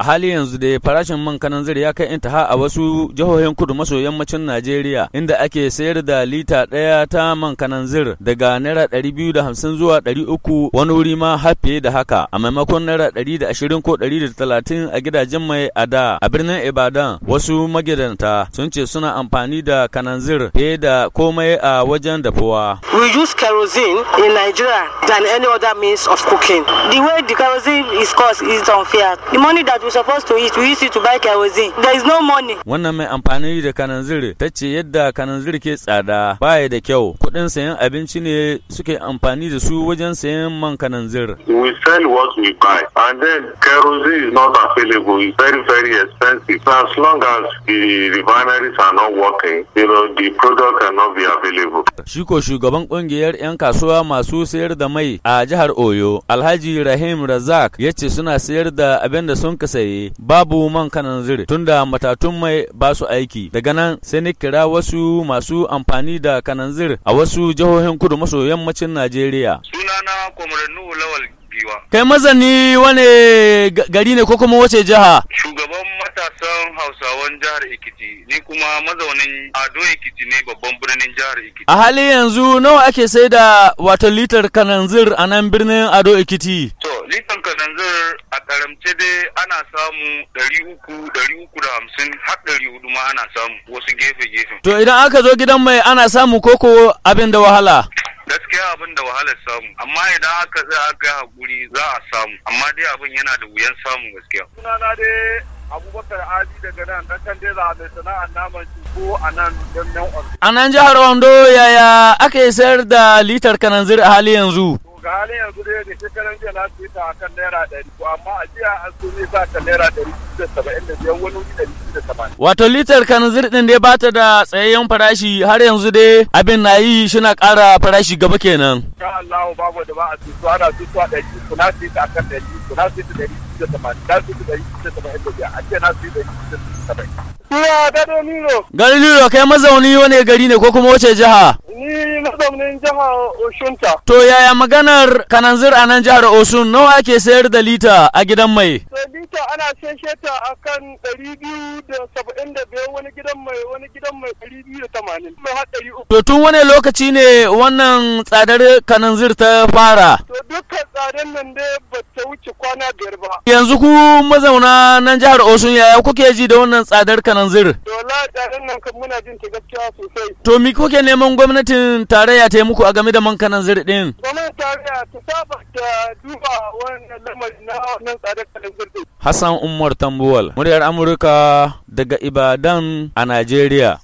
A hali yanzu dai farashin man kananzir ya kai intaha a wasu jihohin kudu maso yammacin Najeriya inda ake sayar da lita ɗaya ta man kananzir daga naira ɗari biyu da hamsin zuwa ɗari uku wani wuri ma har fiye da haka a maimakon naira ɗari da ashirin ko ɗari da talatin a gidajen mai a da a birnin Ibadan wasu magidanta sun ce suna amfani da kananzir fiye da komai a wajen dafuwa. We use kerosene in Nigeria than any other means of cooking. The way the kerosene is cost is unfair. The money that we supposed to eat, we use it to buy kerosene. There is no money. Wannan mai amfani da kananzir ta ce yadda kananzir ke tsada baya da kyau. Kuɗin sayan abinci ne suke amfani da su wajen sayan man kananzir. We sell what we buy and then kerosene is not available. It's very very expensive. As long as the refineries are not working, you know, the product cannot be available. shiko shugaban kungiyar 'yan kasuwa masu sayar da mai a jihar Oyo, Alhaji Rahim Razak ya ce suna sayar da abin da sun kasaye babu man kanan tunda matatun mai ba su aiki. Daga nan sai ni kira wasu masu amfani da kanan zir a wasu jihohin kudu maso yammacin Najeriya. Sunana Kwamranu Lawal Giwa. Kai mazani wane gari ne ko kuma wace jiha? Hausawan jihar Ekiti, ni kuma mazaunin Ado Ekiti ne babban birnin jihar Ekiti. A hali yanzu nawa ake sai da wata litar kananzir a nan birnin Ado Ekiti? To, litan kananzir a karamce dai ana samu ɗari uku, ɗari uku da hamsin har ɗari hudu ma ana samu wasu gefe-gefe. To idan aka zo gidan mai ana samu koko abin da wahala? wahalar samu amma idan aka za aka hakuri za a samu amma dai abin yana da wuyan samu gaskiya sunana dai abubakar ali daga nan dan kan dai mai sana'ar naman ko a nan don nan a nan jihar wando yaya aka yi sayar da litar kananzir a hali yanzu ga halin yanzu dai da shekaran jiya na su ta akan naira ɗari ko amma a jiya an so ne sa kan naira ɗari da saba'in da biyar wani ɗari da saba'in. Wato litar kanzir ɗin dai bata da tsayayyen farashi har yanzu dai abin na yi suna ƙara farashi gaba kenan. Ka allahu babu da ba a su ana su su a ɗari su na su ta akan ɗari su na su ta ɗari da saba'in na su ta ɗari da saba'in da biyar a jiya na su ɗari da saba'in. Iya, Gado Nilo. Gado Nilo, kai mazauni wane gari ne ko kuma wace jiha? Ni na mazaunin jihar Oshunta. To yaya maganar kananzir a nan jihar Osun nawa ake sayar da lita a gidan mai? Lita ana sayar ta a kan ɗari biyu da saba'in da biyar wani gidan mai wani gidan mai ɗari biyu da tamanin. Mai har ɗari uku. To tun wani lokaci ne wannan tsadar kananzir ta fara? To dukkan tsadar nan dai bai wuce kwana biyar ba. Yanzu ku mazauna nan jihar Osun yaya kuke ji da wannan tsadar kanan zir? Dola tsadar nan kan muna jin ta gaskiya sosai. To kuke neman gwamnatin tarayya ta yi muku a game da man kanan zir din? Gwamnatin tarayya ta saba da duba wannan lamari na wannan tsadar kanan zir din. Hassan Umar Tambuwal, muryar Amurka daga Ibadan a Najeriya.